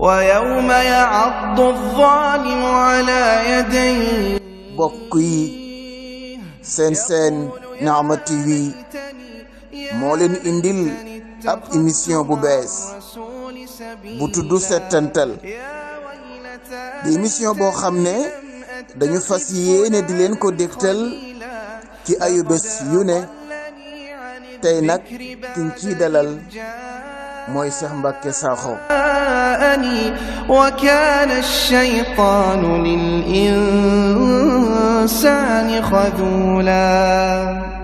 ويوم يعض الظالم على يديه bokk yi seen seen Nihma TV moo leen indil ab émission bu bees bu tudd Settantal di émission boo xam ne dañu fas yéene di leen ko dégtal ci ayu bés yu ne tey nag kiñ ciy dalal موي شيخ مبكي ساخو وكان الشيطان للإنسان خذولا